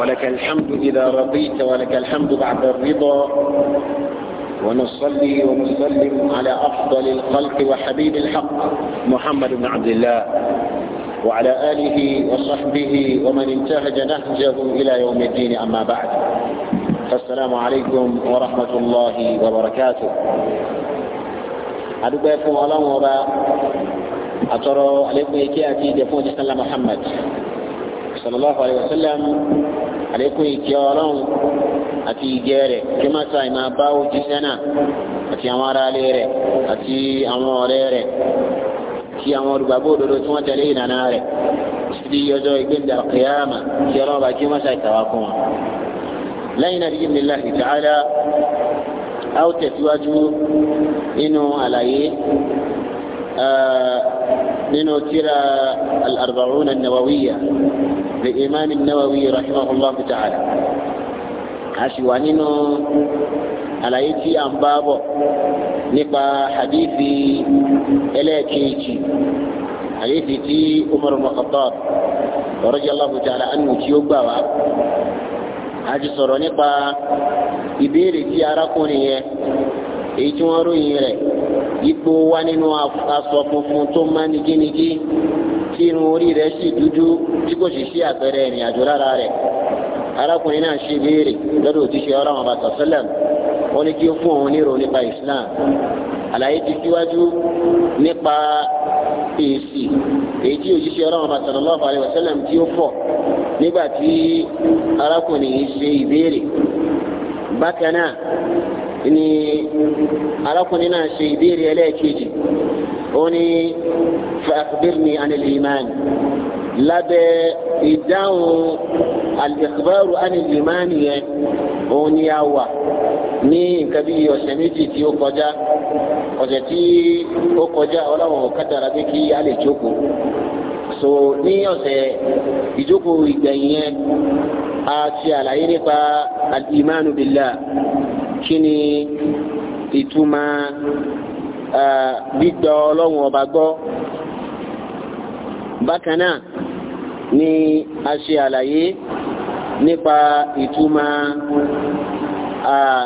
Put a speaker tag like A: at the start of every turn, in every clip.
A: ولك الحمد إذا رضيت ولك الحمد بعد الرضا ونصلي ونسلم على أفضل الخلق وحبيب الحق محمد بن عبد الله وعلى آله وصحبه ومن انتهج نهجه إلى يوم الدين أما بعد فالسلام عليكم ورحمة الله وبركاته أدوك يفهم الله وبا أترى عليكم إكي أتي يفهم محمد صلى الله عليه وسلم àlékún ìkẹ́ ọlọ́run àti ìgẹ́ rẹ̀ kí má sáà máa bá òjíṣẹ́ náà àti àwọn aráalé rẹ̀ àti àwọn ọ̀rẹ́ rẹ̀ kí àwọn olùgbàgbọ́ òdodo tí wọ́n tẹ̀lé ìlànà rẹ̀ títí ọjọ́ ìgbéǹda kìyàmà kí ọlọ́run bá kí má sáà tàwa fún wọn. lẹ́yìn náà bíi nílá ta'ala a ó tẹ̀síwájú nínú àlàyé nínú tírà al-arba'una an-nawawiyya للإمام النووي رحمه الله تعالى aṣìwánínú àlàyé tí a ń bá bọ̀ nípa hadithi ẹlẹ́ẹ̀kejì hadithi tí Umar ibn Khattab radiyallahu ta'ala anhu tí ó gbà wá a ti sọ̀rọ̀ nípa ìbéèrè tí arákùnrin yẹn èyí tí wọ́n ròyìn rẹ̀ ipò wá nínú aṣọ funfun tó má ní gínigí tí irun orí rẹ̀ sì dúdú tí kò sì sí àpẹẹrẹ ìrìn àjò lára rẹ̀ arákùnrin náà ṣe béèrè lọ́dọ̀ òjíṣẹ́ ọlọ́run bàtà sẹ́lẹ̀m ó ní kí ó fún òun nírò nípa Islam àlàyé ti síwájú nípa èsì èyí tí òjíṣẹ́ ọlọ́run bàtà sallallahu alaihi wasallam tí ó fọ̀ nígbà tí arákùnrin yìí ṣe ìbéèrè bákan náà ni arákùnrin náà ṣe ìbéèrè ẹlẹ́ẹ̀kejì oni فأخبرني عن الإيمان lábẹ́ ìdáhùn al-ikhbaru عن الإيمان yẹn òun ni a wà ní nǹkan bí ọ̀sẹ̀ méjì tí ó kọjá ọ̀sẹ̀ tí ó kọjá ọlọ́run kátàrà pé kí a lè jókòó so ní ọ̀sẹ̀ ìjókòó ìgbẹ̀yìn yẹn a ti àlàyé nípa al-imanu billah gbígbọ́ ọlọ́run ọba gbọ́ bákan náà ni a ṣe àlàyé nípa ìtumọ̀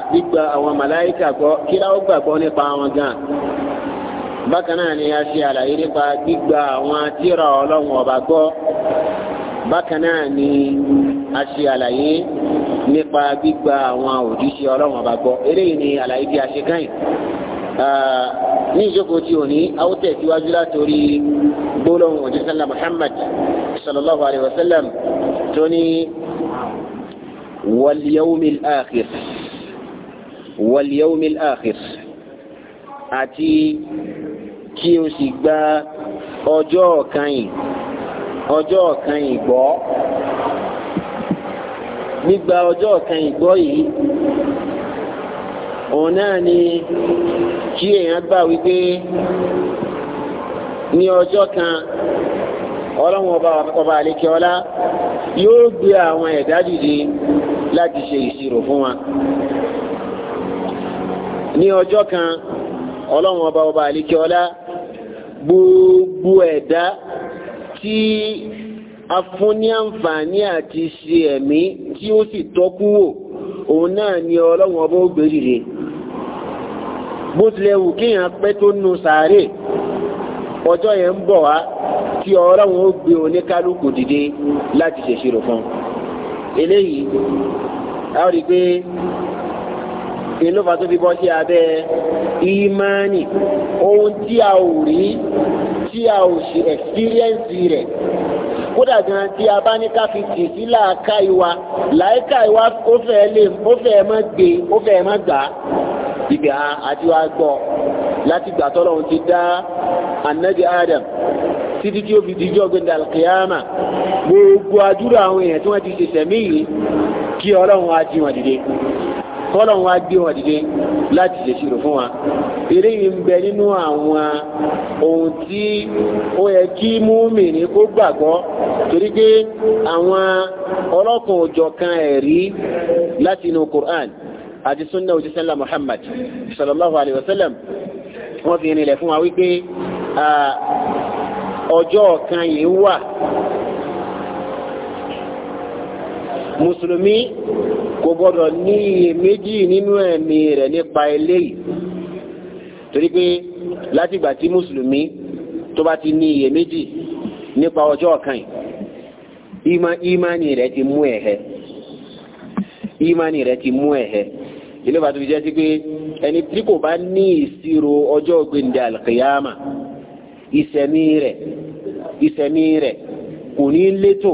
A: gbígbà àwọn màláìkà gbọ́ kí láwọn gbàgbọ́ nípa wọn gan bákan náà ni a ṣe àlàyé nípa gbígbà àwọn tírà ọlọ́run ọba gbọ́ bákan náà ni a ṣe àlàyé nípa gbígbà àwọn òjíṣẹ́ ọlọ́run ọba gbọ́ eléyìí ni àlàyé bí a ṣe káyìn ní ìjókòó tí ò ní àwọn tẹ̀síwájú látòrí gbólóhùn òjísàlá Muhammad sallallahu alayhi wa sallam tó ní wal yawmil akhir wal yawmil àti kí o sì gba ọjọ́ kanyìn ọjọ́ kanyìn gbọ́ gbígba ọjọ́ kanyìn gbọ́ yìí òun náà ni kí èèyàn gbà wípé ní ọjọ́ kan ọlọ́run ọba ọba àlekẹ́ọ́lá yóò gbé àwọn ẹ̀dá dìde láti ṣe ìṣirò fún wa ní ọjọ́ kan ọlọ́run ọba ọba àlekẹ́ọ́lá gbogbo ẹ̀dá tí a fún ní àǹfààní àti ṣe ẹ̀mí tí ó sì tọ́kú wò òun náà ni ọlọ́run ọba ó gbé dìde bó tilẹ̀ wù kíyàn pẹ́ tó nu sàárè ọjọ́ yẹn ń bọ̀ wá tí ọlọ́run ó gbé oníkálukú dìde láti ṣèṣirò fún un eléyìí a rí i pé ìlúfà tó fi bọ́ sí abẹ́ ìmánì ohun tí a ò rí tí a ò ṣe ẹ̀sírẹ́ǹsì rẹ̀ kódà gan tí a bá ní ká fi tì sí làákà ìwà ó fẹ́ lè ó fẹ́ mọ́ gbé ó fẹ́ mọ́ gbà á ibi àti wàá gbọ́ láti gbà tọ́lọ́hún ti dá anabi adam títí tí ó fi dijọ́ gbẹ̀ndà alkiyama gbogbo àdúrà àwọn èèyàn tí wọ́n ti ṣe sẹ̀mí yìí kí ọlọ́run wá jí wọn dìde kọ́lọ́run wá gbé wọn dìde láti ṣèṣirò fún wa eléyìí ń bẹ nínú àwọn ohun tí ó yẹ kí múmìnì kó gbàgbọ́ torí pé àwọn ọlọ́kan òjọ̀kan ẹ̀rí láti inú Qur'an àti súnà òjíṣẹ́ ńlá Muhammad sallallahu alayhi wa sallam wọ́n fi rìnlẹ̀ fún wa wípé ọjọ́ kan yìí wà mùsùlùmí kò gbọdọ̀ ní iyèméjì nínú ẹ̀mí rẹ̀ nípa eléyìí torí pé látìgbà tí mùsùlùmí tó bá ti ní iyèméjì nípa ọjọ́ kan yìí ìmánì rẹ̀ ti mú ẹ̀hẹ́ ìmánì rẹ̀ ti mú ẹ̀hẹ́ ilé bàtú fi jẹ́ sí pé ẹni tí kò bá ní ìṣirò ọjọ́ gbẹ̀ndẹ̀ àlùkìyàmà ìṣẹ̀mí rẹ̀ ìṣẹ̀mí rẹ̀ kò ní létò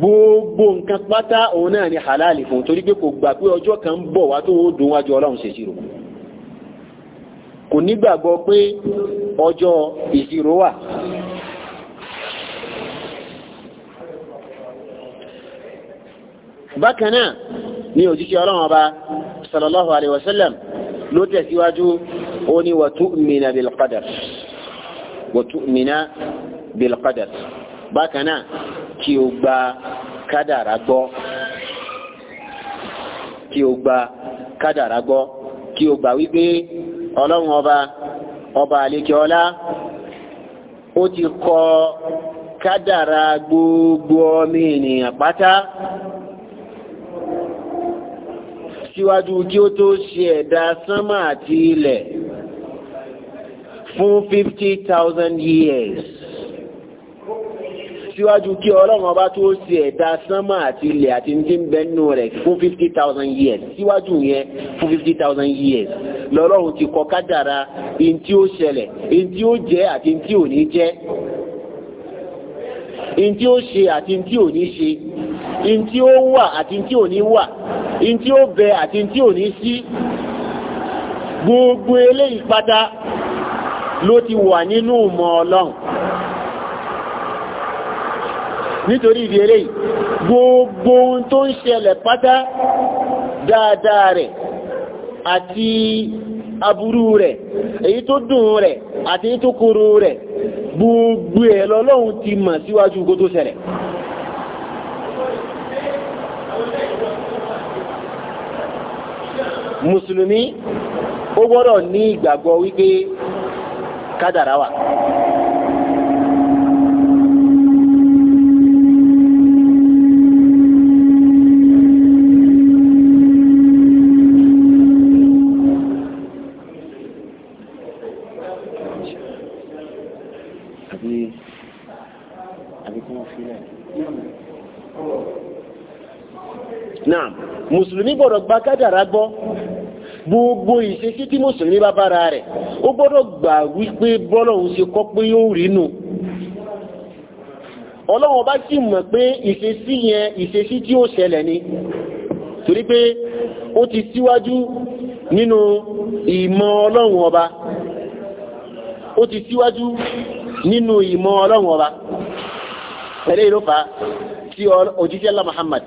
A: gbogbo nǹkan pátá òun náà ni halali fún torí pé kò gbà pé ọjọ́ kan bọ̀ wá tó dùn wájú ọlọ́run ṣe ìṣirò kò nígbàgbọ́ pé ọjọ́ ìṣirò wà bákan náà ní òjíṣẹ́ ọlọ́run ọba sallallahu alayhi wa sallam ló tẹ̀síwájú ó ní wa tu'mina bil qadar wa tu'mina bil qadar bákan náà kí o gba kádàrá gbọ́ kí o gba kádàrá gbọ́ kí o gbà wípé ọlọ́run ọba ọba àlekè ó ti kọ kádàrá gbogbo ọmọ ènìyàn pátá síwájú kí ó tó ṣe ẹ̀dá sánmà àti ilẹ̀ fún fifty thousand years síwájú kí ọlọ́run ọba tó ṣe ẹ̀dá sánmà àti ilẹ̀ àti ní ń rẹ̀ fún fifty thousand years síwájú yẹn fún fifty thousand years lọ́lọ́run ti kọ kádàrá in tí ó ṣẹlẹ̀ in tí ó jẹ́ àti in tí ò ní jẹ́ in tí ó ṣe àti in tí ò ní ṣe in tí ó wà àti in tí ò ní wà ntí ó bẹ àti ntí ò ní sí gbogbo eléyìí pátá ló ti wà nínú ìmọ̀ ọlọ́run nítorí ìdí eléyìí gbogbo ohun tó ń ṣẹlẹ̀ pátá dáadáa rẹ̀ àti aburú rẹ̀ èyí tó dùn rẹ̀ àti èyí rẹ̀ gbogbo ẹ̀ ti mọ̀ síwájú kó tó ṣẹlẹ̀ mùsùlùmí ó gbọ́dọ̀ ní ìgbàgbọ́ wípé kádàrá wà. Naam, mùsùlùmí gbọ́dọ̀ gba kádàrá gbọ́ gbogbo ìṣesí tí mùsùlùmí bá bára rẹ̀ ó gbọ́dọ̀ gbà wípé bọ́lọ́hún ṣe kọ́ pé yóò rí nù ọlọ́wọ́ bá sì mọ̀ pé ìṣesí yẹn ìṣesí tí ó ṣẹlẹ̀ ni torí pé ó ti síwájú nínú ìmọ̀ ọlọ́run ọba ó ti síwájú nínú ìmọ̀ ọlọ́run ọba pẹ̀lú ìlúfà tí òjíṣẹ́ Allah Muhammad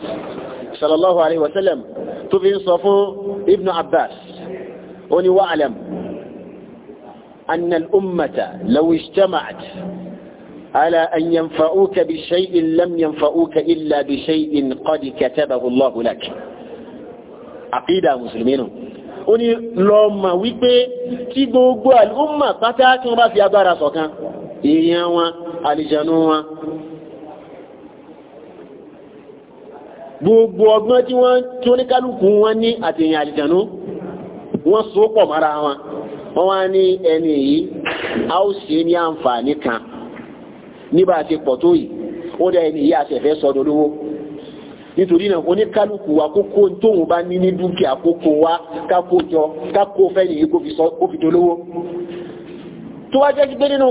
A: sallallahu alaihi wasallam tó fi ń sọ fún Ibn Abbas ó ní wa'lam anna al-ummata law ijtama'at ala an yanfa'uka bi shay'in lam yanfa'uka illa bi shay'in qad katabahu Allahu lak àkídà mùsùlùmí nù ó ní lọ mọ̀ wípé tí gbogbo àlùmọ̀ pátá tí wọ́n bá fi agbára ṣọ̀kan èèyàn wọn àlìjànú wọn gbogbo ọgbọ́n tí wọ́n tí oníkálukú wọn ní àtẹ̀yìn àlìjànú wọ́n so pọ̀ mọ́ra wọn wọ́n wá ní ẹni a ó ṣe ní àǹfààní kan níbà ti pọ̀ tó yìí ó dá ẹni yìí àṣẹfẹ́ sọdọ̀ lówó nítorí náà oníkálukú wa tóun bá ní ní dúkìá wa kákó jọ kákó fẹ́ nìyí kó fi sọ fi dolówó tó wá jẹ́ gbé nínú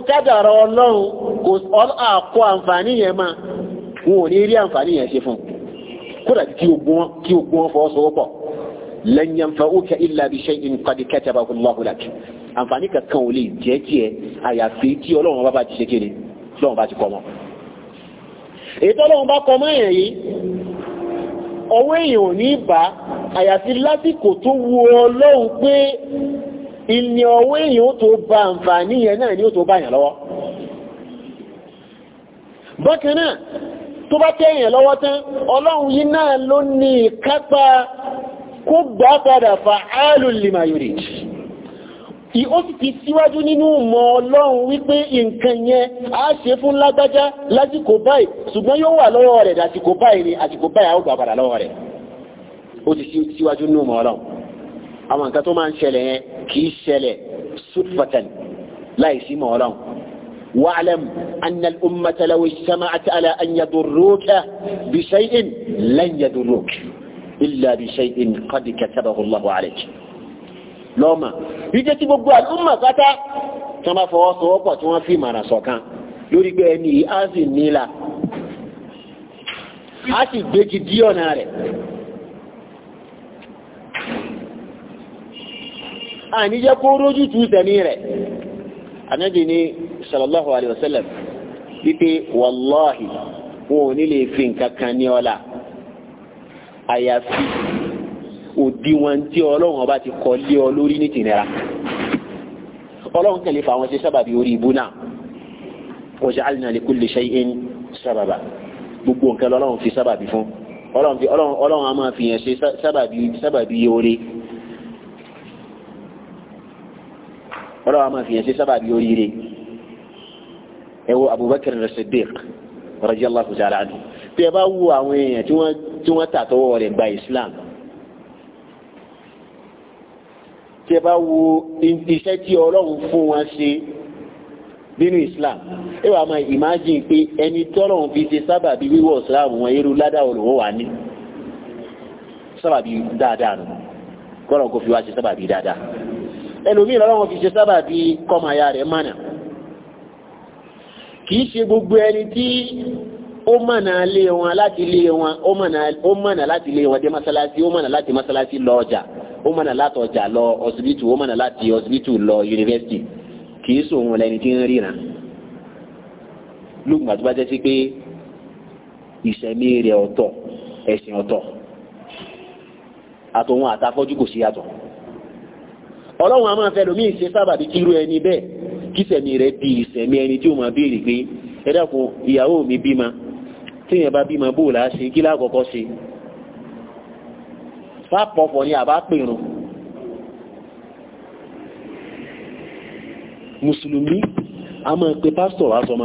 A: fún kódà kí ogun wọn lan yanfa'uka illa bi shay'in qad katabahu Allahu lak àǹfààní kankan ò lè jẹ́ tiẹ̀ àyàfi tí ọlọ́run bá bá ti ṣe kéde lọ́run bá ti kọ́ mọ́ èyí tó lọ́run bá kọ́ mọ́ èèyàn yìí ọwọ́ èèyàn ò ní bá àyàfi lásìkò tó wu ọlọ́run pé ìní ọwọ́ èèyàn ó tó bá àǹfààní yẹn ni ó tó bá yàn lọ́wọ́ bákan náà tó bá tẹ́ yàn lọ́wọ́ tán ọlọ́run yìí náà ló ní kó gbà padà fa'alu lima yurid ó sì ti síwájú nínú mọ̀ ọlọ́run wípé nǹkan yẹn a ṣe fún lágbájá lásìkò báyìí ṣùgbọ́n yóò wà lọ́wọ́ rẹ̀ dàsìkò báyìí ni àsìkò báyìí a ó gbà padà lọ́wọ́ rẹ̀ ó ti síwájú nínú mọ̀ ọlọ́run àwọn nǹkan tó máa ń ṣẹlẹ̀ yẹn kì í ṣẹlẹ̀ sudfatan láìsí mọ̀ ọlọ́run واعلم أن الأمة لو اجتمعت على أن يضروك بشيء لن يضروك illa bi shay'in qad katabahu Allahu alayk lọ́mà ìjẹ́ tí gbogbo àlùmọ̀ pátá tí wọ́n bá fọwọ́ sowọ́pọ̀ tí wọ́n fi ìmọ̀ràn ṣọ̀kan lórí pé ẹni yìí á sì nílà á sì gbégi dí ọ̀nà rẹ̀ àníjẹ́ tu tẹ̀mí rẹ̀ anábì ní sallallahu alayhi wa sallam wípé wàláhì wọn ò ní lè fi nǹkan àyàfi òdiwọ̀n tí ọlọ́run ọba ti kọ lé ọ lórí ní tìnira ọlọ́run kẹlẹ́ fà wọn ṣe sábàbí orí ibú náà waj'alna likulli shay'in sábàbà gbogbo nǹkan lọ́lọ́run fi sábàbí fún ọlọ́run fi ọlọ́run ọlọ́run a máa fi yẹn ṣe sábàbí sábàbí orí ọlọ́run a máa fi yẹn ṣe sábàbí oríire ẹ wo Abubakar as-Siddiq ta'ala anhu tí ẹ bá wo àwọn èèyàn tí wọ́n tí wọ́n tà tọwọ́ rẹ̀ gba islam tí ẹ bá wo iṣẹ́ tí ọlọ́run fún wọn ṣe nínú islam ẹ wàá máa imagine pé ẹni tọ́lọ́run fi ṣe sábàbí wíwọ̀ islam wọn irú ládàá olùwọ́ wà ní sábàbí dáadáa nù kọ́lọ́run kò fi wá ṣe sábàbí dáadáa ẹlòmíì lọ́wọ́ fi ṣe sábàbí kọ́mọ aya rẹ̀ mánà kì í ṣe gbogbo ẹni tí ó mọ̀nà lé wọn láti lé wọn ó mọ̀nà láti lé wọn dé masalasi ó mọ̀nà láti masalasi lọ ọjà ó mọ̀nà láti ọjà lọ ọsibítù ó mọ̀nà láti ọsibítù lọ yunifásitì kì í sòun lẹni tí ń ríran lóògùn àti bàjẹ́ sí pé ìṣẹ̀mí rẹ̀ ọ̀tọ̀ ẹ̀sìn ọ̀tọ̀ àtòun àtàfọ́jú kò sí yàtọ̀ ọlọ́run a máa fẹ́ lómi ìṣe sábàbí kírú ẹni bẹ́ẹ̀ kí ìṣẹ̀mí rẹ̀ di ìṣẹ̀mí ẹni tí ó máa béèrè pé ẹ dákun ìyàwó mi bímọ téèyàn bá bímọ bó la ṣe kí lákọ̀ọ́kọ́ ṣe sápọ̀fọ̀ ni àbá pèrún mùsùlùmí a máa pe pásítọ̀ wá sọmọ